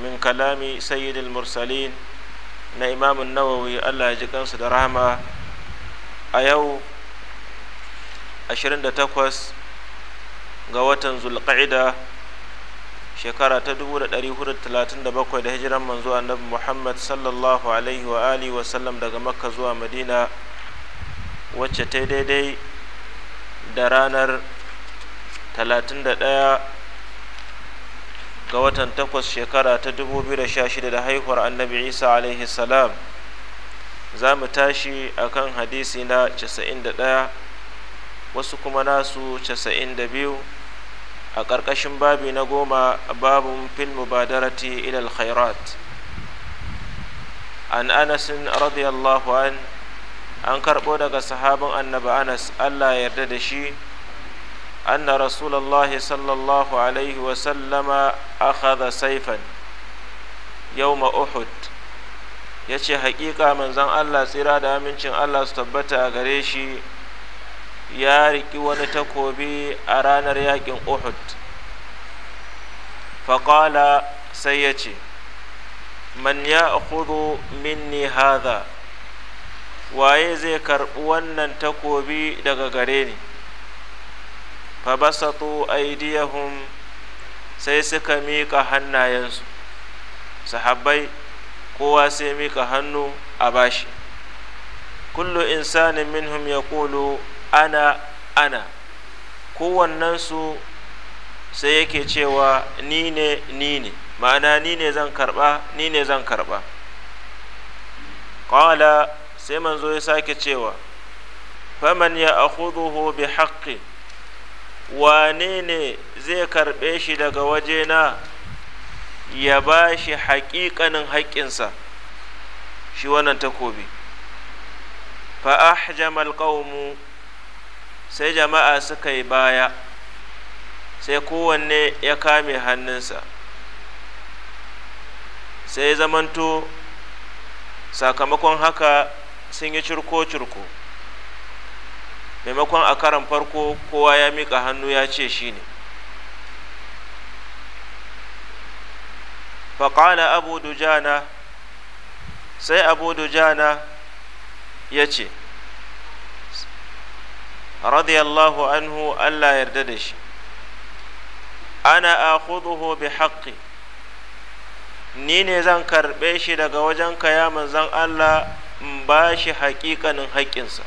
min kalami sayyidil mursalin na imamun nawawi allah ya ji kansu da rahama a yau 28 ga watan zulqa'ida shekara ta 1437 da hijiran manzo annabi muhammad sallallahu alaihi wa alihi wasallam daga makka zuwa madina wacce ta daidai da ranar 31 ga watan takwas shekara ta 2016 da haihuwar annabi isa alaihi salam za mu tashi a kan hadisi na 91 wasu kuma nasu 92 a ƙarƙashin babi na goma babun fil mubadarati ilal khairat an anasin radiyallahu an an karɓo daga sahabin annabi anas allah yarda da shi أن رسول الله صلى الله عليه وسلم أخذ سيفا يوم أحد ya ce haƙiƙa manzan Allah tsira da amincin Allah su tabbata a gare shi ya riƙi wani takobi a ranar yaƙin Uhud faƙala sai yace ce man ya akudu minni haza waye zai karɓi wannan takobi daga gare ni fabasatu aidiyahum sai suka miƙa hannayensu sahabbai kowa sai mika hannu a bashi kullu insanin minhum ya kulu ana ana kowannensu sai yake cewa ni ne ni ne ma'ana ni ne zan karɓa ni ne zan karɓa ƙwala sai manzo ya sake cewa faman ya akhuduhu bi haƙƙi wane ne zai karɓe shi daga wajena ya ba shi haƙiƙanin haƙƙinsa shi wannan takobi fa'ahjamal qaumu sai jama'a suka yi baya sai kowanne ya kame hannunsa sai zamanto sakamakon haka sun yi curko-curko maimakon a karan farko kowa ya miƙa hannu ya ce shi ne faƙala abu dujana sai abu dujana ya ce radiyallahu anhu allah yarda da shi ana a akhuduhu bi haƙƙi ni ne zan karɓe shi daga wajen ya manzan allah in ba shi haƙiƙanin haƙƙinsa